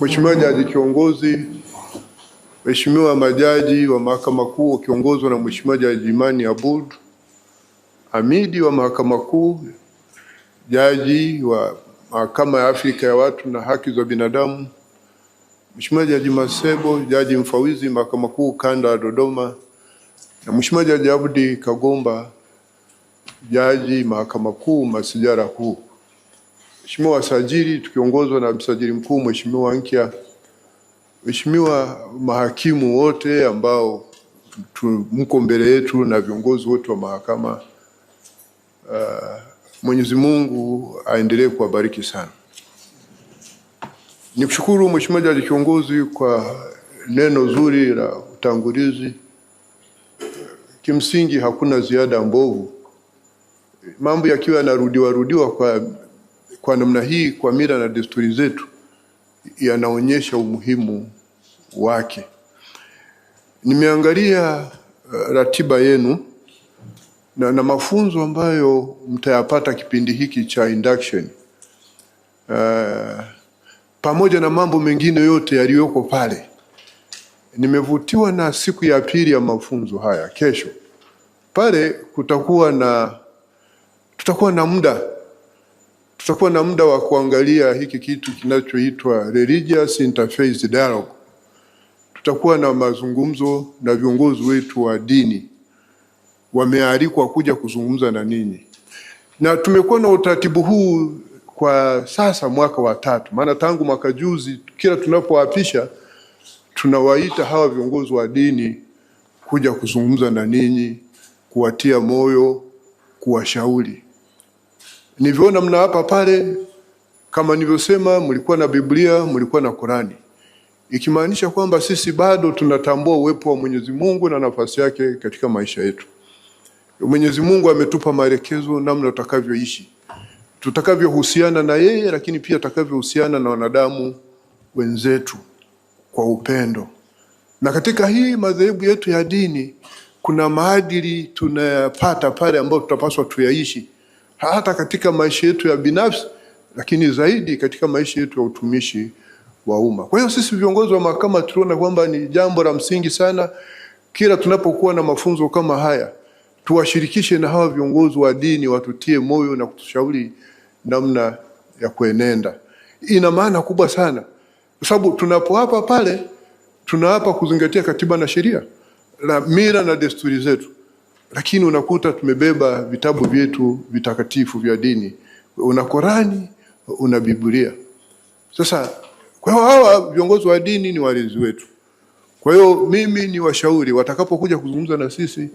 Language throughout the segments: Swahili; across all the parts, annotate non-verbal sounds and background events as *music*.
Mheshimiwa Jaji Kiongozi, Mheshimiwa majaji wa Mahakama Kuu wakiongozwa na Mheshimiwa Jaji Imani Abud amidi wa Mahakama Kuu, jaji wa Mahakama ya Afrika ya Watu na Haki za Binadamu, Mheshimiwa Jaji Masebo, jaji mfawizi Mahakama Kuu Kanda ya Dodoma, na Mheshimiwa Jaji Abdi Kagomba, jaji Mahakama Kuu masijara kuu Mheshimiwa wasajili tukiongozwa na msajili mkuu Mheshimiwa Nkya, Mheshimiwa mahakimu wote ambao mko mbele yetu na viongozi wote wa mahakama uh, Mwenyezi Mungu aendelee kuwabariki sana. Nikushukuru Mheshimiwa Jaji Kiongozi kwa neno zuri la utangulizi. Kimsingi hakuna ziada mbovu, mambo yakiwa yanarudiwarudiwa kwa kwa namna hii, kwa mila na desturi zetu yanaonyesha umuhimu wake. Nimeangalia uh, ratiba yenu na, na mafunzo ambayo mtayapata kipindi hiki cha induction. Uh, pamoja na mambo mengine yote yaliyoko pale, nimevutiwa na siku ya pili ya mafunzo haya kesho. Pale kutakuwa na tutakuwa na muda tutakuwa na muda wa kuangalia hiki kitu kinachoitwa religious Interface dialogue. Tutakuwa na mazungumzo na viongozi wetu wa dini, wamealikwa kuja kuzungumza na ninyi, na tumekuwa na utaratibu huu kwa sasa mwaka wa tatu, maana tangu mwaka juzi kila tunapoapisha tunawaita hawa viongozi wa dini kuja kuzungumza na ninyi, kuwatia moyo, kuwashauri nivyoona mna hapa pale, kama nilivyosema, mlikuwa na Biblia, mlikuwa na Qurani, ikimaanisha kwamba sisi bado tunatambua uwepo wa Mwenyezi Mungu na nafasi yake katika maisha yetu. Mwenyezi Mungu ametupa maelekezo namna tutakavyoishi, tutakavyohusiana na yeye, lakini pia tutakavyohusiana na wanadamu wenzetu kwa upendo. Na katika hii madhehebu yetu ya dini kuna maadili tunayapata pale ambayo tutapaswa tuyaishi hata katika maisha yetu ya binafsi, lakini zaidi katika maisha yetu ya utumishi wa umma. Kwa hiyo sisi viongozi wa mahakama tuliona kwamba ni jambo la msingi sana, kila tunapokuwa na mafunzo kama haya tuwashirikishe na hawa viongozi wa dini, watutie moyo na kutushauri namna ya kuenenda. Ina maana kubwa sana, kwa sababu tunapoapa pale tunaapa kuzingatia katiba na sheria la mila na desturi zetu lakini unakuta tumebeba vitabu vyetu vitakatifu vya dini, una Korani, una Biblia. Sasa kwa hiyo hawa viongozi wa dini ni walinzi wetu. Kwa hiyo mimi ni washauri, watakapokuja kuzungumza na sisi,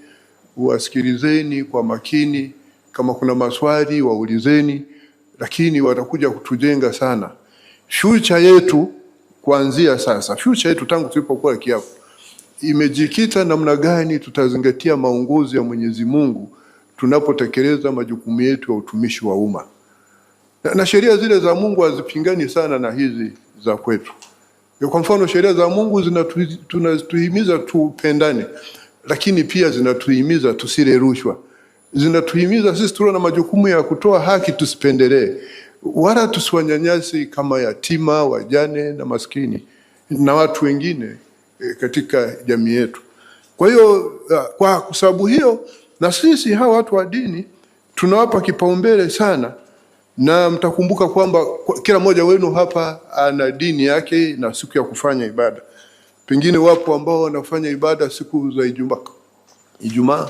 wasikilizeni kwa makini, kama kuna maswali waulizeni, lakini watakuja kutujenga sana. Future yetu kuanzia sasa, future yetu tangu tulipokuwa kiapo imejikita namna gani tutazingatia maongozo ya Mwenyezi Mungu tunapotekeleza majukumu yetu ya utumishi wa umma. Na, na sheria zile za Mungu hazipingani sana na hizi za kwetu. Kwa mfano, sheria za Mungu zinatuhimiza tupendane, lakini pia zinatuhimiza tusile rushwa, zinatuhimiza sisi tulio na majukumu ya kutoa haki tusipendelee, wala tusiwanyanyasi kama yatima, wajane na maskini na watu wengine. E, katika jamii yetu. Kwa hiyo kwa sababu hiyo, na sisi hawa watu wa dini tunawapa kipaumbele sana, na mtakumbuka kwamba kila mmoja wenu hapa ana dini yake na siku ya kufanya ibada. Pengine wapo ambao wanafanya ibada siku za Ijumaa Ijumaa,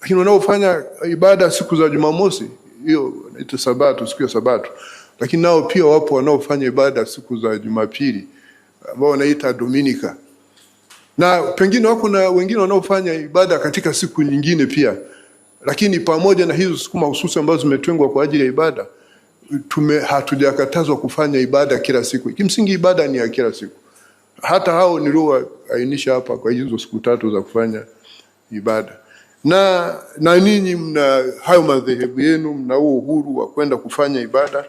lakini wanaofanya ibada siku za Jumamosi, hiyo inaitwa Sabato, siku ya Sabato. Lakini nao pia wapo wanaofanya ibada siku za Jumapili ambao wanaita Dominika na pengine wako na wengine wanaofanya ibada katika siku nyingine pia, lakini pamoja na hizo siku mahususi ambazo zimetengwa kwa ajili ya ibada tume hatujakatazwa kufanya ibada kila siku. Kimsingi ibada ni ya kila siku, hata hao niliowaainisha hapa kwa hizo siku tatu za kufanya ibada. Na, na ninyi mna hayo madhehebu yenu, mna huo uhuru wa kwenda kufanya ibada,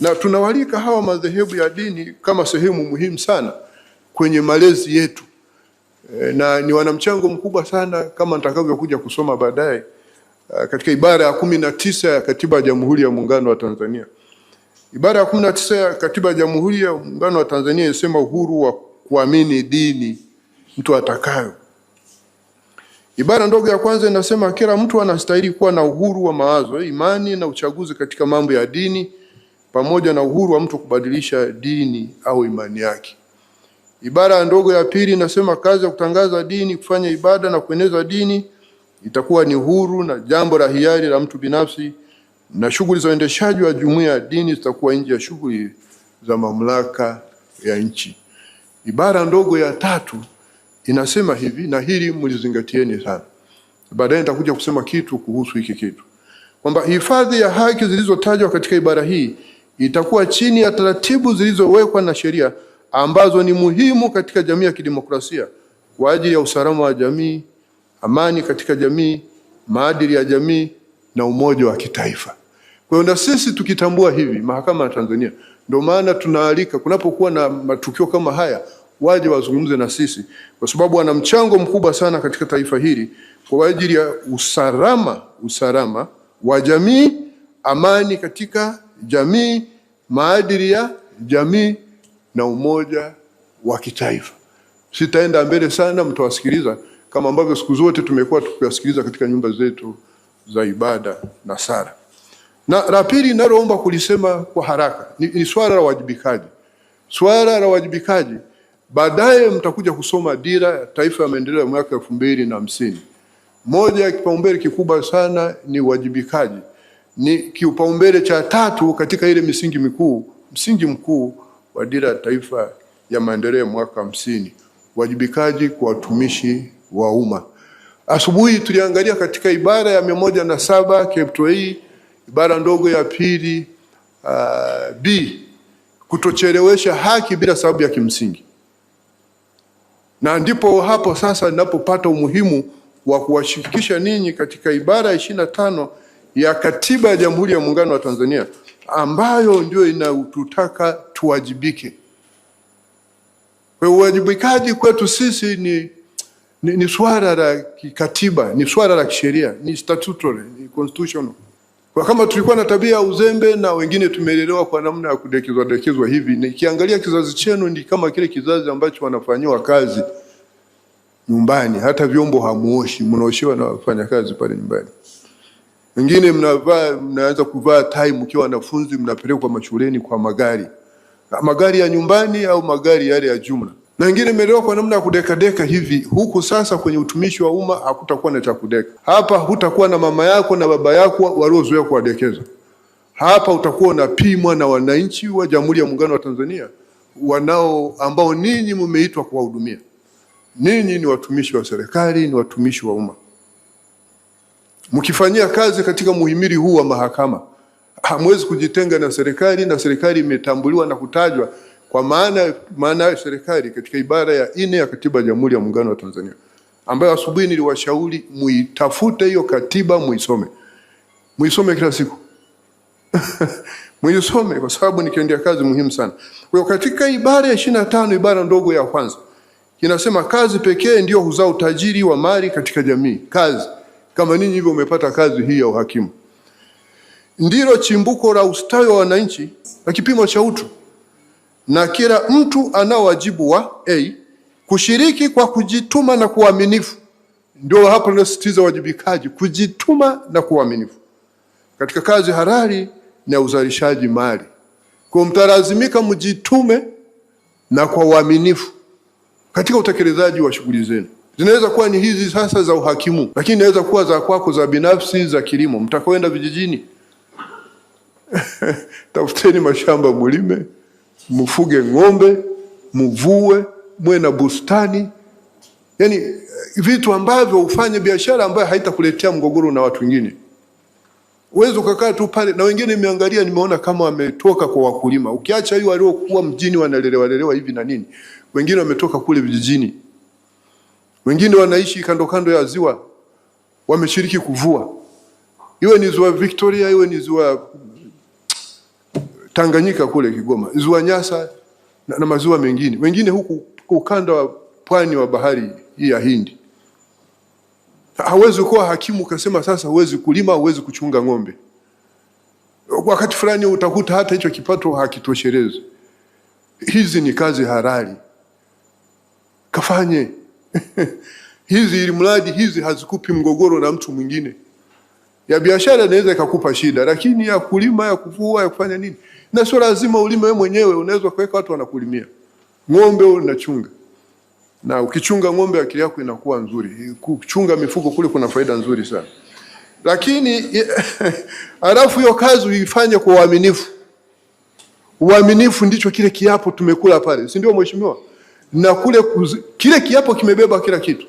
na tunawalika hawa madhehebu ya dini kama sehemu muhimu sana kwenye malezi yetu Eh, na ni wanamchango mkubwa sana kama nitakavyokuja kusoma baadaye eh, katika ibara ya kumi na tisa ya katiba ya Jamhuri ya Muungano wa Tanzania. Ibara ya kumi na tisa ya katiba ya Jamhuri ya Muungano wa Tanzania inasema uhuru wa kuamini dini mtu atakayo. Ibara ndogo ya kwanza inasema kila mtu anastahili kuwa na uhuru wa mawazo, imani na uchaguzi katika mambo ya dini, pamoja na uhuru wa mtu kubadilisha dini au imani yake. Ibara ndogo ya pili inasema kazi ya kutangaza dini, kufanya ibada na kueneza dini itakuwa ni huru na jambo la hiari la mtu binafsi, na shughuli za uendeshaji wa jumuiya ya dini zitakuwa nje ya shughuli za mamlaka ya nchi. Ibara ndogo ya tatu inasema hivi, na hili mlizingatieni sana, baadaye nitakuja kusema kitu kuhusu hiki kitu, kwamba hifadhi ya haki zilizotajwa katika ibara hii itakuwa chini ya taratibu zilizowekwa na sheria ambazo ni muhimu katika jamii ya kidemokrasia kwa ajili ya usalama wa jamii, amani katika jamii, maadili ya jamii na umoja wa kitaifa. Kwa hiyo na sisi tukitambua hivi, mahakama ya Tanzania, ndio maana tunaalika kunapokuwa na matukio kama haya waje wazungumze na sisi, kwa sababu wana mchango mkubwa sana katika taifa hili kwa ajili ya usalama, usalama wa jamii, amani katika jamii, maadili ya jamii na umoja wa kitaifa. Sitaenda mbele sana, mtawasikiliza kama ambavyo siku zote tumekuwa tukiwasikiliza katika nyumba zetu za ibada na sala. Na la pili ninaloomba kulisema kwa haraka ni, ni swala la wajibikaji. Swala la wajibikaji, baadaye mtakuja kusoma dira ya taifa ya maendeleo ya mwaka elfu mbili na hamsini. Moja ya kipaumbele kikubwa sana ni uwajibikaji, ni kipaumbele cha tatu katika ile misingi mikuu, msingi mkuu wa Dira ya Taifa ya Maendeleo mwaka hamsini, wajibikaji kwa watumishi wa umma. Asubuhi tuliangalia katika ibara ya mia moja na saba hii ibara ndogo ya pili uh, B, kutochelewesha haki bila sababu ya kimsingi, na ndipo hapo sasa ninapopata umuhimu wa kuwashirikisha ninyi katika ibara ya ishirini na tano ya Katiba ya Jamhuri ya Muungano wa Tanzania ambayo ndio inatutaka tuwajibike. Kwa uwajibikaji kwetu sisi ni, ni, ni swala la kikatiba, ni swala la kisheria, ni statutory, ni constitutional. Kwa kama tulikuwa na tabia ya uzembe na wengine tumelelewa kwa namna ya kudekezwa dekezwa hivi, nikiangalia kizazi chenu ni kama kile kizazi ambacho wanafanyiwa kazi nyumbani, hata vyombo hamuoshi, mnaoshiwa na wafanya kazi pale nyumbani. Wengine mnavaa mnaanza kuvaa tai mkiwa wanafunzi, mnapelekwa mashuleni kwa magari magari ya nyumbani au magari yale ya jumla, na wengine imeelewa kwa namna ya kudekadeka hivi. Huku sasa kwenye utumishi wa umma hakutakuwa na cha kudeka hapa, hutakuwa na mama yako na baba yako waliozoea kuwadekeza hapa. Utakuwa unapimwa na wananchi wa Jamhuri ya Muungano wa Tanzania wanao ambao ninyi mmeitwa kuwahudumia. Ninyi ni watumishi wa serikali, ni watumishi wa umma, mkifanyia kazi katika muhimili huu wa mahakama hamwezi kujitenga na serikali, na serikali imetambuliwa na kutajwa kwa maana maana ya serikali katika ibara ya nne ya katiba ya Jamhuri ya Muungano wa Tanzania, ambayo asubuhi niliwashauri muitafute hiyo katiba, muisome, muisome kila siku *laughs* muisome kwa sababu ni kiendea kazi muhimu sana. Kwa hiyo katika ibara ya ishirini na tano ibara ndogo ya kwanza inasema kazi pekee ndio huzaa utajiri wa mali katika jamii. Kazi kama ninyi hivyo umepata kazi hii ya uhakimu ndilo chimbuko la ustawi wa wananchi na kipimo cha utu, na kila mtu ana wajibu wa a kushiriki kwa kujituma na kuaminifu. Ndio hapo linasisitiza wajibikaji, kujituma na kuaminifu katika kazi halali na uzalishaji mali. Kwa mtalazimika mjitume na kwa uaminifu katika utekelezaji wa shughuli zenu. Zinaweza kuwa ni hizi sasa za uhakimu, lakini inaweza kuwa za kwako za binafsi, za kilimo, mtakoenda vijijini *laughs* tafuteni mashamba mulime, mfuge ng'ombe, mvue, mwe na bustani, yani vitu ambavyo ufanye biashara ambayo haitakuletea mgogoro na watu wengine. Uwezi ukakaa tu pale na wengine, nimeangalia nimeona kama wametoka kwa wakulima, ukiacha hiyo waliokuwa mjini wanalelewa lelewa hivi na nini, wengine wametoka kule vijijini, wengine wanaishi kando kando ya ziwa, wameshiriki kuvua, iwe ni ziwa Victoria, iwe ni ziwa Tanganyika kule Kigoma, ziwa Nyasa na, na maziwa mengine wengine huku ukanda wa pwani wa bahari hii ya Hindi. Hawezi kuwa hakimu ukasema sasa huwezi kulima, huwezi kuchunga ng'ombe. Wakati fulani utakuta hata hicho kipato hakitoshelezi. Hizi ni kazi halali, kafanye *laughs* hizi ili mradi hizi hazikupi mgogoro na mtu mwingine. Ya biashara inaweza ikakupa shida, lakini ya kulima, ya kuvua, ya kufanya nini na sio lazima ulime wewe mwenyewe, unaweza kuweka watu wanakulimia. Ng'ombe unachunga, na ukichunga ng'ombe akili yako inakuwa nzuri. Kuchunga mifugo kule kuna faida nzuri sana, lakini halafu *laughs* hiyo kazi uifanye kwa uaminifu. Uaminifu ndicho kile kiapo tumekula pale, si ndio mheshimiwa? Na kule kuzi, kile kiapo kimebeba kila kitu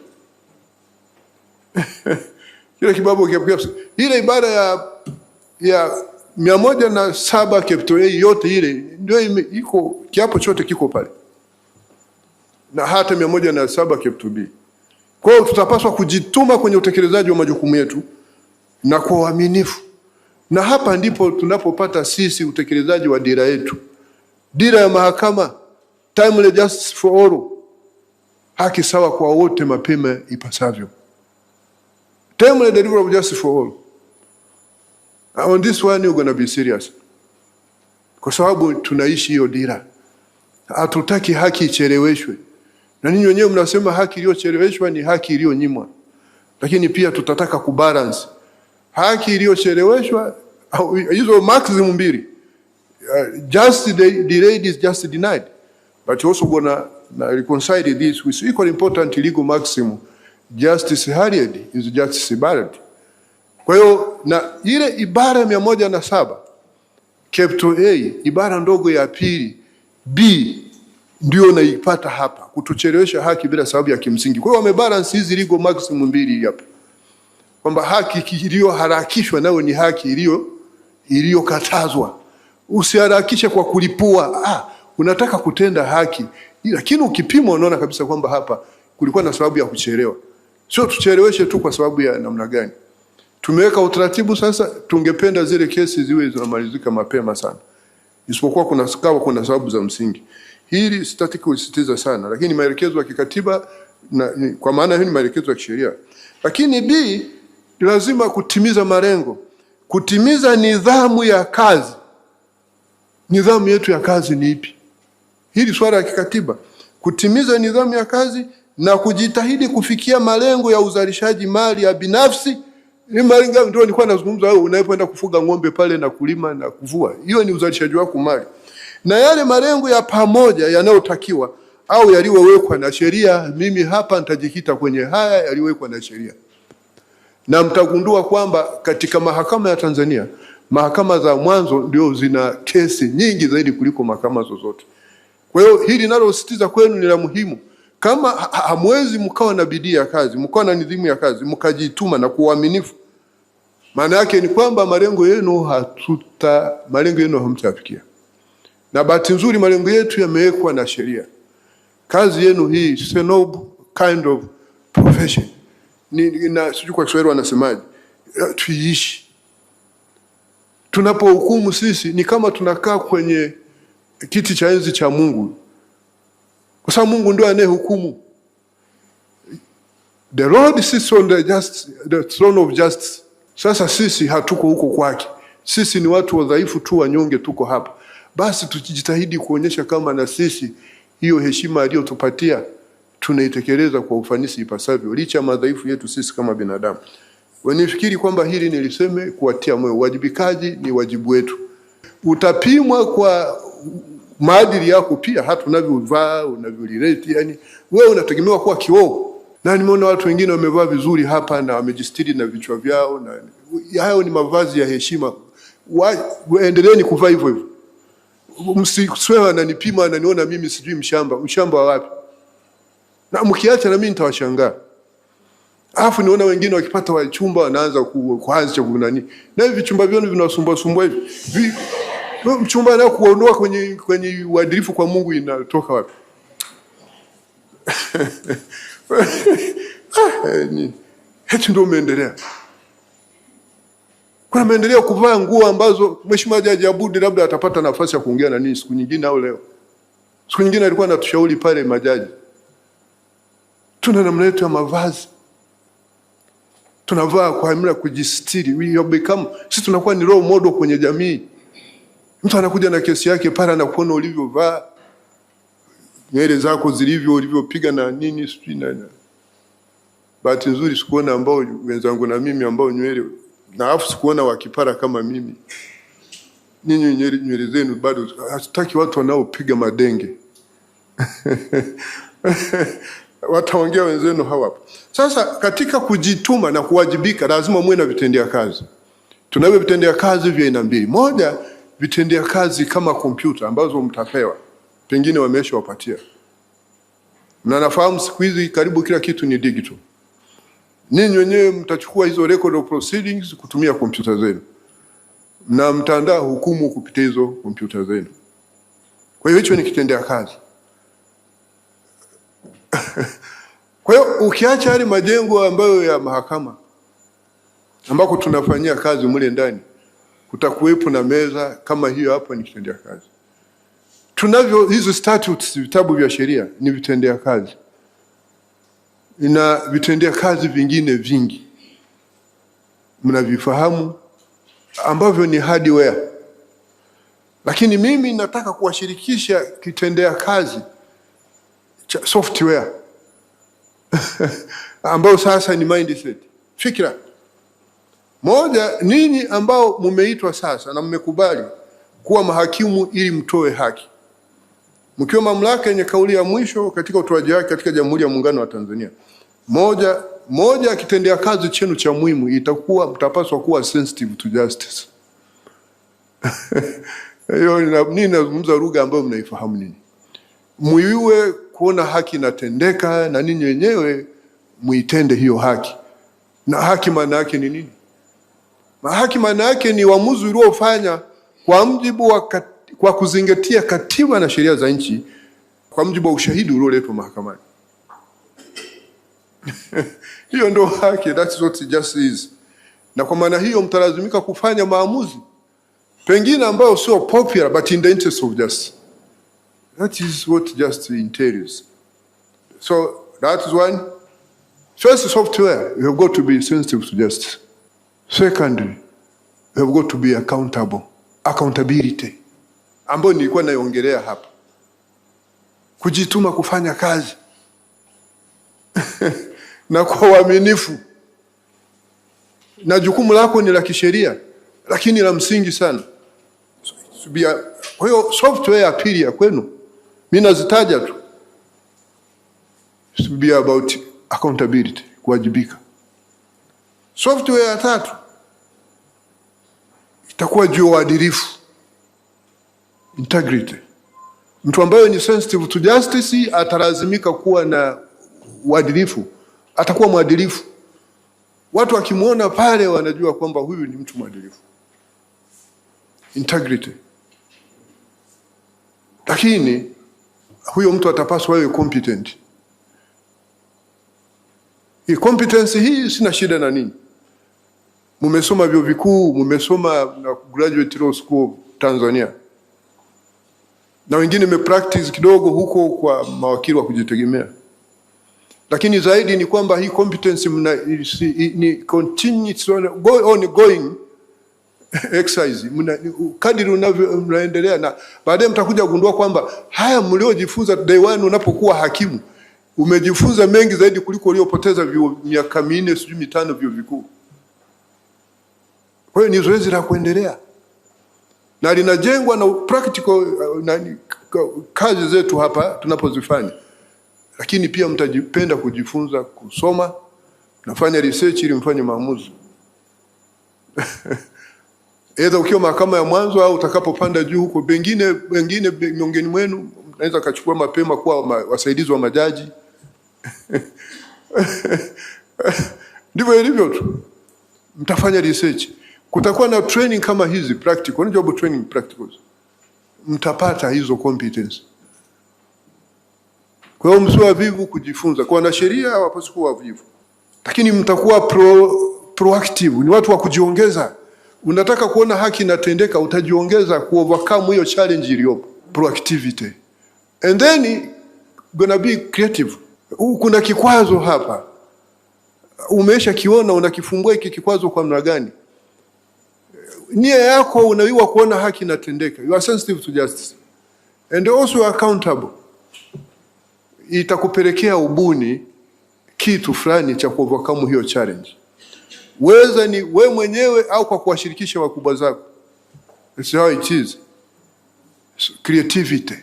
*laughs* kile kibabu kibabo, ile ibada ya ya mia moja na saba capital A yote ile ndio iko kiapo chote kiko pale, na hata mia moja na saba capital B. Kwa hiyo tutapaswa kujituma kwenye utekelezaji wa majukumu yetu na kwa uaminifu, na hapa ndipo tunapopata sisi utekelezaji wa dira yetu, dira ya mahakama, timely justice for all, haki sawa kwa wote mapema ipasavyo, timely delivery of justice for all. Uh, on this one you're gonna be serious, kwa sababu tunaishi hiyo dira. Hatutaki haki icheleweshwe, na ninyi wenyewe mnasema haki iliyocheleweshwa ni haki iliyonyimwa, lakini pia tutataka kubalance haki iliyocheleweshwa hizo maximum mbili. Uh, just delayed is just denied but you also gonna na reconcile this with equal important legal maximum justice hurried is justice barred kwa hiyo na ile ibara ya mia moja na saba kepto A ibara ndogo ya pili B ndio naipata hapa, kutuchelewesha haki bila sababu ya kimsingi. Kwa hiyo wamebalance hizi legal maximum mbili hapa, kwamba haki iliyoharakishwa nayo ni haki iliyo iliyokatazwa. Usiharakishe kwa kulipua. Ah, unataka kutenda haki, lakini ukipima unaona kabisa kwamba hapa kulikuwa na sababu ya kuchelewa, sio tucheleweshe tu kwa sababu ya namna gani. Tumeweka utaratibu sasa, tungependa zile kesi ziwe zinamalizika mapema sana, isipokuwa kuna sababu, kuna sababu za msingi. Hili sitaki kulisitiza sana, lakini maelekezo ya kikatiba na, kwa maana hiyo ni maelekezo ya kisheria. Lakini B, lazima kutimiza malengo, kutimiza nidhamu ya kazi. Nidhamu yetu ya kazi ni ipi? Hili swala ya kikatiba, kutimiza nidhamu ya kazi na kujitahidi kufikia malengo ya uzalishaji mali ya binafsi ni mali ngapi? Ndio nilikuwa nazungumza wewe, unayepoenda kufuga ng'ombe pale na kulima na kuvua, hiyo ni uzalishaji wako mali, na yale malengo ya pamoja yanayotakiwa au yaliyowekwa na sheria. Mimi hapa nitajikita kwenye haya yaliyowekwa na sheria, na mtagundua kwamba katika mahakama ya Tanzania mahakama za mwanzo ndio zina kesi nyingi zaidi kuliko mahakama zozote. Kwa hiyo hili linalosisitiza kwenu ni la muhimu. Kama hamwezi mkawa na bidii ya kazi, mkawa na nidhimu ya kazi, mkajituma na kuaminifu, maana yake ni kwamba malengo yenu hatuta malengo yenu hamtafikia. Na bahati nzuri malengo yetu yamewekwa na sheria. Kazi yenu hii snob kind of profession ni, na sijui kwa Kiswahili wanasemaje, eh, tuiishi. Tunapohukumu sisi ni kama tunakaa kwenye kiti cha enzi cha Mungu kwa sababu Mungu ndio anayehukumu. The Lord sits on the just, the throne of justice. Sasa sisi hatuko huko kwake, sisi ni watu wadhaifu tu, wanyonge, tuko hapa. Basi tujitahidi kuonyesha kama na sisi hiyo heshima aliyotupatia tunaitekeleza kwa ufanisi ipasavyo, licha madhaifu yetu sisi kama binadamu. Wanifikiri kwamba hili niliseme kuwatia moyo. Uwajibikaji ni wajibu wetu, utapimwa kwa maadili yako pia, hata unavyovaa unavyoleti, yani wewe unategemewa kuwa kioo. Na nimeona watu wengine wamevaa vizuri hapa na wamejistiri na vichwa vyao, na hayo ni mavazi ya heshima. Endeleeni kuvaa hivyo hivyo, msiwe ananipima ananiona mimi sijui mshamba. Mshamba wa wapi? Na mkiacha na mimi nitawashangaa. Alafu niona wengine wakipata wachumba wanaanza kuanza kunani, na hivi vichumba vyenu vinawasumbua sumbua hivi mchumba na kuondoa kwenye kwenye uadilifu kwa Mungu inatoka wapi? Heti *laughs* eh, ndio umeendelea. Kuna maendeleo kuvaa nguo ambazo Mheshimiwa Jaji Abudi labda atapata nafasi ya kuongea na nini siku nyingine au leo. Siku nyingine alikuwa anatushauri pale majaji, tuna namna yetu ya mavazi tunavaa kwa amri ya kujistiri. We have become, sisi tunakuwa ni role model kwenye jamii. Mtu anakuja na kesi yake pale, anakuona ulivyovaa, nywele zako zilivyo, ulivyopiga na nini sijui na bahati nzuri sikuona ambao wenzangu na mimi ambao nywele na afu sikuona wakipara kama mimi. Ninyi nywele zenu bado, hatutaki watu wanaopiga madenge *laughs* wataongea wenzenu hawapo. Sasa katika kujituma na kuwajibika, lazima muwe na vitendea kazi. Tunavyo vitendea kazi vya aina mbili, moja vitendea kazi kama kompyuta ambazo mtapewa, pengine wameshawapatia, na nafahamu siku hizi karibu kila kitu ni digital. Ninyi wenyewe mtachukua hizo record of proceedings kutumia kompyuta zenu na mtaandaa hukumu kupitia hizo kompyuta zenu. Kwa hiyo hicho ni kitendea kazi. *laughs* Kwa hiyo ukiacha yale majengo ambayo ya mahakama ambako tunafanyia kazi mule ndani utakuwepo na meza kama hiyo hapo, ni kitendea kazi. Tunavyo hizo statutes, vitabu vya sheria ni vitendea kazi, ina vitendea kazi vingine vingi mnavifahamu, ambavyo ni hardware. Lakini mimi nataka kuwashirikisha kitendea kazi cha software *laughs* ambayo sasa ni mindset, fikra moja, ninyi ambao mumeitwa sasa na mmekubali kuwa mahakimu ili mtoe haki, mkiwa mamlaka yenye kauli ya mwisho katika utoaji wake katika Jamhuri ya Muungano wa Tanzania. Moja moja ya kitendea kazi chenu cha muhimu itakuwa mtapaswa kuwa sensitive to justice. *laughs* Hiyo nini, nazungumza lugha ambayo mnaifahamu nini, muiwe kuona haki inatendeka na ninyi wenyewe muitende hiyo haki, na haki maana yake ni nini? na haki maana yake ni uamuzi uliofanya kwa mjibu wa kat, kwa kuzingatia katiba na sheria za nchi kwa mjibu wa ushahidi ulioletwa mahakamani. *laughs* hiyo ndio haki, that's what justice is. Na kwa maana hiyo mtalazimika kufanya maamuzi pengine ambayo sio popular but in the interest of justice. That is what justice entails. So that is one. First software, you have got to be sensitive to justice. Secondly, we have got to be accountable. Accountability ambayo nilikuwa naiongelea hapa, kujituma kufanya kazi *laughs* na kwa uaminifu, na jukumu lako ni la kisheria, lakini la msingi sana. Kwa hiyo software ya pili ya kwenu mi nazitaja tu, be about accountability, kuwajibika. Software ya tatu itakuwa juu ya uadilifu, integrity. Mtu ambaye ni sensitive to justice atalazimika kuwa na uadilifu, atakuwa mwadilifu. Watu wakimwona pale wanajua kwamba huyu ni mtu mwadilifu, integrity. Lakini huyo mtu atapaswa awe competent. Hii competence hii sina shida na nini mumesoma vyuo vikuu, mumesoma na graduate law school Tanzania, na wengine practice kidogo huko kwa mawakili wa kujitegemea, lakini zaidi ni kwamba hii competence mna, ni continuous ongoing *laughs* exercise mna, kadiri unavyo mnaendelea, na baadaye mtakuja kugundua kwamba haya mliojifunza day one unapokuwa hakimu umejifunza mengi zaidi kuliko uliopoteza miaka minne sijui mitano vyuo vikuu. Kwa hiyo ni zoezi la kuendelea na linajengwa na practical uh, na kazi zetu hapa tunapozifanya, lakini pia mtajipenda kujifunza kusoma. Nafanya research ili mfanye maamuzi *laughs* edha ukiwa mahakama ya mwanzo au utakapopanda juu huko, pengine wengine miongoni mwenu naweza kachukua mapema kuwa ma, wasaidizi wa majaji *laughs* ndivyo ilivyo tu, mtafanya research. Kutakuwa na training kama hizi practical, Ni job training practicals, mtapata hizo competence. Kwa hiyo msio wavivu kujifunza. Kwa na sheria hawapaswi kuwa wavivu, lakini mtakuwa pro, proactive, ni watu wa kujiongeza. Unataka kuona haki inatendeka, utajiongeza ku overcome hiyo challenge iliyopo, proactivity and then gonna be creative. Kuna kikwazo hapa, umeisha kiona, unakifungua hiki kikwazo kwa namna gani? nia yako unawiwa kuona haki inatendeka, you are sensitive to justice and also accountable, itakupelekea ubuni kitu fulani cha kuovercome hiyo challenge, weza ni we mwenyewe au kwa kuwashirikisha wakubwa zako. It's how it is. Creativity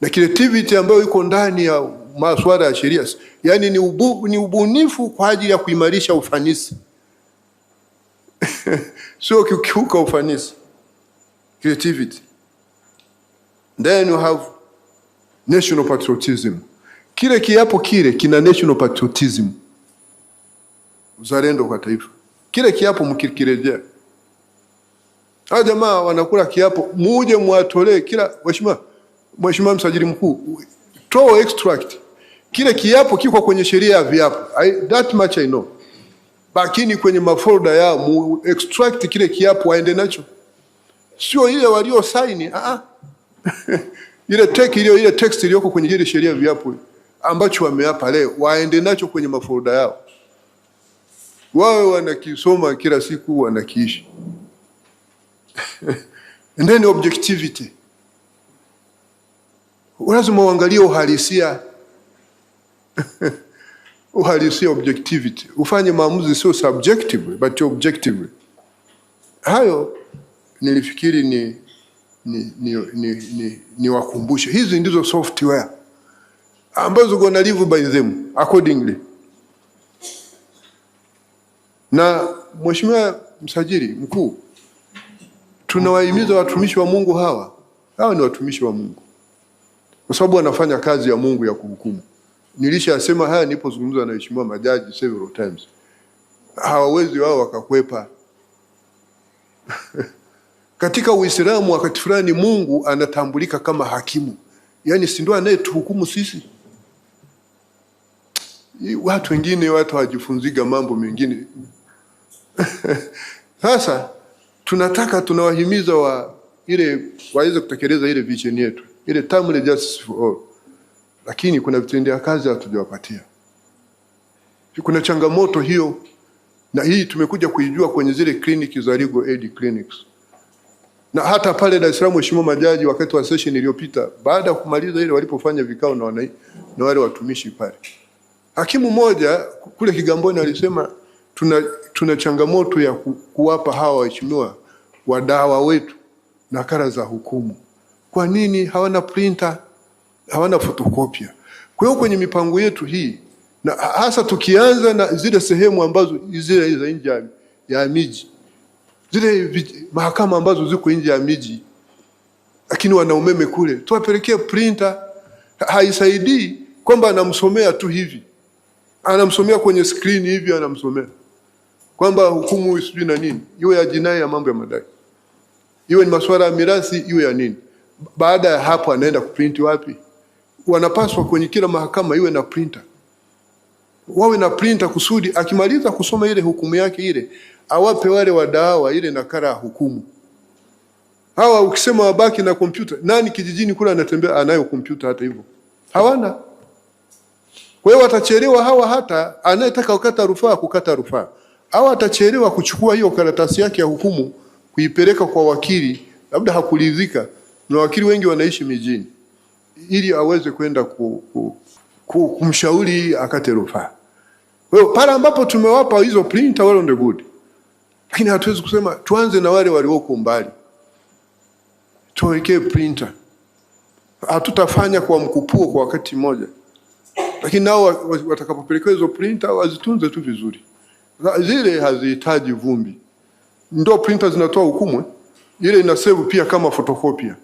na creativity ambayo iko ndani ya masuala ya sheria, yaani ni, ubu, ni ubunifu kwa ajili ya kuimarisha ufanisi *laughs* sio kukiuka ufanisi creativity then you have national patriotism kile kiapo kile kina national patriotism uzalendo kwa taifa kile kiapo mkikirejea hawa jamaa wanakula kiapo muje mwatolee kila mheshimiwa mheshimiwa msajili mkuu toa extract kile kiapo kiko kwenye sheria ya viapo I, that much I know bakini kwenye mafolda yao, mu extract kile kiapo waende nacho, sio ile walio saini ah, ah. *laughs* ile tek ile ile text iliyoko kwenye ile sheria viapo ambacho wameapa leo, waende nacho kwenye mafolda yao, wawe wanakisoma kila siku wanakiishi. And *laughs* then objectivity, lazima uangalie uhalisia *laughs* uhalisia objectivity, ufanye maamuzi sio subjectively but objectively. Hayo nilifikiri ni, ni, ni, ni, ni, ni wakumbushe. Hizi ndizo software ambazo gonna live by them accordingly. Na Mheshimiwa Msajili Mkuu, tunawahimiza watumishi wa Mungu hawa, hawa ni watumishi wa Mungu kwa sababu wanafanya kazi ya Mungu ya kuhukumu nilishasema haya nilipozungumza na heshimiwa majaji several times, hawawezi wao wakakwepa. *laughs* Katika Uislamu wakati fulani Mungu anatambulika kama hakimu, yaani si ndio anayetuhukumu sisi? Watu wengine watu hawajifunziga mambo mengine *laughs* Sasa tunataka tunawahimiza wa ile waweze kutekeleza ile vision yetu ile Timely Justice for All lakini kuna vitendea kazi hatujawapatia. Kuna changamoto hiyo, na hii tumekuja kuijua kwenye zile kliniki za Legal Aid Clinics na hata pale Dar es Salaam, Mheshimiwa majaji, wakati wa session iliyopita, baada ya kumaliza ile walipofanya vikao na wana, na wale watumishi pale, hakimu mmoja kule Kigamboni alisema tuna, tuna changamoto ya ku, kuwapa hawa waheshimiwa wadawa wetu nakala za hukumu. Kwa nini hawana printer? hawana fotokopia. Kwa hiyo kwenye mipango yetu hii na hasa tukianza na zile sehemu ambazo zile za nje ya miji, zile mahakama ambazo ziko nje ya miji, lakini wana umeme kule, tuwapelekee printer. Haisaidii kwamba anamsomea tu hivi, anamsomea kwenye screen hivi, anamsomea kwamba hukumu sijui na nini, iwe ya jinai ya mambo ya madai, iwe ni masuala ya mirathi, iwe ya nini. Baada ya hapo anaenda kuprinti wapi? wanapaswa kwenye kila mahakama iwe na printer, wawe na printer kusudi akimaliza kusoma ile hukumu yake ile awape wale wadaawa ile nakala ya hukumu. Hawa ukisema wabaki na kompyuta, nani kijijini kule anatembea anayo kompyuta? Hata hivyo hawana. Kwa hiyo watachelewa hawa, hata anayetaka kukata rufaa kukata rufaa, au atachelewa kuchukua hiyo karatasi yake ya hukumu kuipeleka kwa wakili, labda hakuridhika. Na wakili wengi wanaishi mijini ili aweze kwenda ku, ku, ku, kumshauri akate rufaa. Kwa hiyo pale ambapo tumewapa hizo printer wale ndio good, lakini hatuwezi kusema tuanze na wale walioko mbali, tuwekee printer. Hatutafanya kwa mkupuo kwa wakati mmoja, lakini nao watakapopelekewa hizo printer wazitunze tu vizuri, zile hazihitaji vumbi. Ndio printer zinatoa hukumu eh? ile, ina save pia kama fotokopia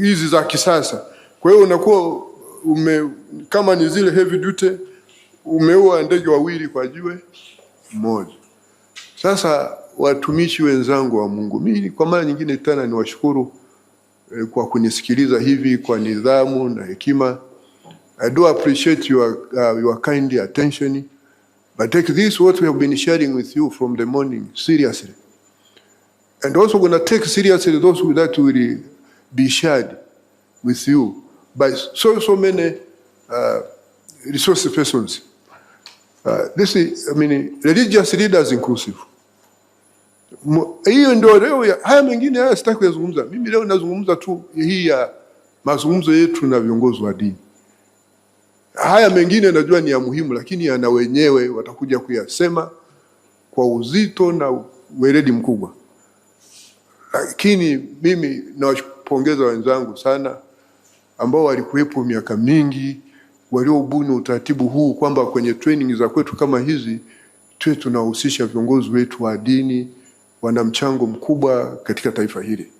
hizi za kisasa kwa hiyo unakuwa ume, kama ni zile heavy duty umeua ndege wawili kwa jiwe moja. Sasa watumishi wenzangu wa Mungu, mimi kwa mara nyingine tena niwashukuru eh, kwa kunisikiliza hivi kwa nidhamu na hekima. I do appreciate your, uh, your kind attention but take this what we have been sharing with you from the morning seriously and also gonna take seriously those that will be shared with you by so so many uh, resource persons. Uh, this is, I mean, religious leaders inclusive. Hiyo ndio leo haya mengine haya sitaki kuyazungumza. Mimi leo nazungumza tu hii ya mazungumzo yetu na viongozi wa dini. Haya mengine najua ni ya muhimu, lakini yana wenyewe watakuja kuyasema kwa uzito na weledi mkubwa. Lakini mimi nawapongeza wenzangu sana ambao walikuwepo miaka mingi waliobuni utaratibu huu kwamba kwenye training za kwetu kama hizi tuwe tunawahusisha viongozi wetu wa dini, wana mchango mkubwa katika taifa hili,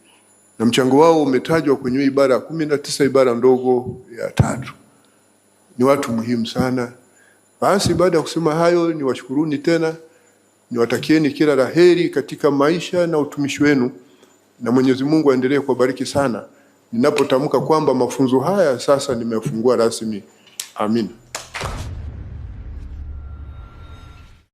na mchango wao umetajwa kwenye ibara ya kumi na tisa ibara ndogo ya tatu. Ni watu muhimu sana. Basi baada ya kusema hayo, ni washukuruni tena, niwatakieni kila la heri katika maisha na utumishi wenu, na Mwenyezi Mungu aendelee kuwabariki sana ninapotamka kwamba mafunzo haya sasa nimefungua rasmi. Amina.